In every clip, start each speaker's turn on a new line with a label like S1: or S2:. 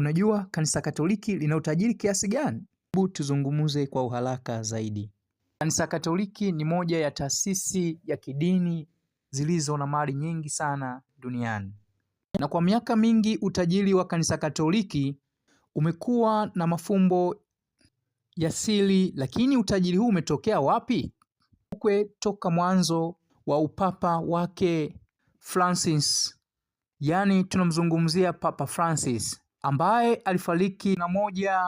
S1: Unajua kanisa Katoliki lina utajiri kiasi gani? Hebu tuzungumze kwa uharaka zaidi. Kanisa Katoliki ni moja ya taasisi ya kidini zilizo na mali nyingi sana duniani, na kwa miaka mingi utajiri wa kanisa Katoliki umekuwa na mafumbo ya siri. Lakini utajiri huu umetokea wapi? Ukwe toka mwanzo wa upapa wake Francis, yaani tunamzungumzia Papa Francis ambaye alifariki na moja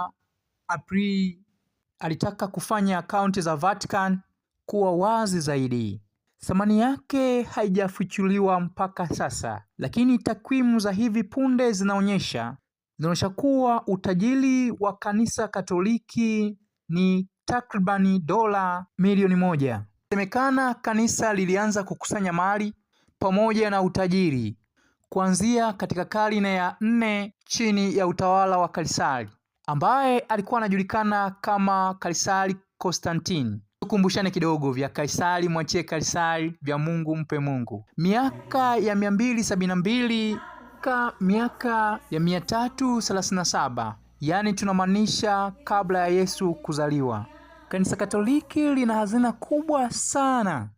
S1: Aprili, alitaka kufanya akaunti za Vatican kuwa wazi zaidi. Thamani yake haijafichuliwa mpaka sasa, lakini takwimu za hivi punde zinaonyesha zinaonyesha kuwa utajiri wa kanisa Katoliki ni takribani dola milioni moja. Semekana kanisa lilianza kukusanya mali pamoja na utajiri kuanzia katika karne ya nne chini ya utawala wa Kaisari ambaye alikuwa anajulikana kama Kaisari Konstantini. Tukumbushane kidogo, vya Kaisari mwachie Kaisari, vya Mungu mpe Mungu. Miaka ya mia mbili sabini na mbili ka miaka ya mia tatu thelathini na saba yaani tunamaanisha kabla ya Yesu kuzaliwa. Kanisa Katoliki lina hazina kubwa sana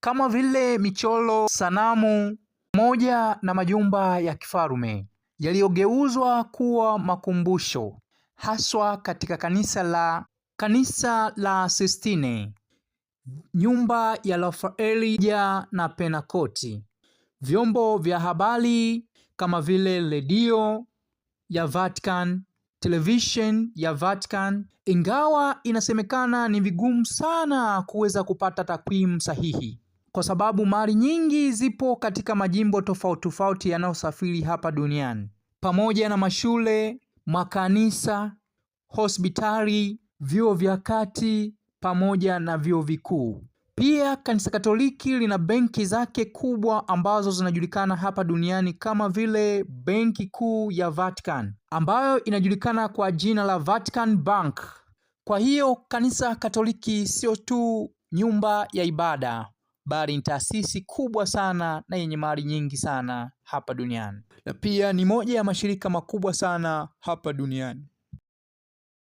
S1: kama vile michoro, sanamu moja na majumba ya kifalme yaliyogeuzwa kuwa makumbusho haswa katika kanisa la kanisa la Sistine, nyumba ya Rafaeli ya na Penakoti, vyombo vya habari kama vile redio ya Vatican, television ya Vatican, ingawa inasemekana ni vigumu sana kuweza kupata takwimu sahihi kwa sababu mali nyingi zipo katika majimbo tofauti tofauti yanayosafiri hapa duniani, pamoja na mashule, makanisa, hospitali, vyuo vya kati pamoja na vyuo vikuu. Pia kanisa Katoliki lina benki zake kubwa ambazo zinajulikana hapa duniani kama vile benki kuu ya Vatican ambayo inajulikana kwa jina la Vatican Bank. Kwa hiyo kanisa Katoliki sio tu nyumba ya ibada, bali ni taasisi kubwa sana na yenye mali nyingi sana hapa duniani, na pia ni moja ya mashirika makubwa sana hapa duniani.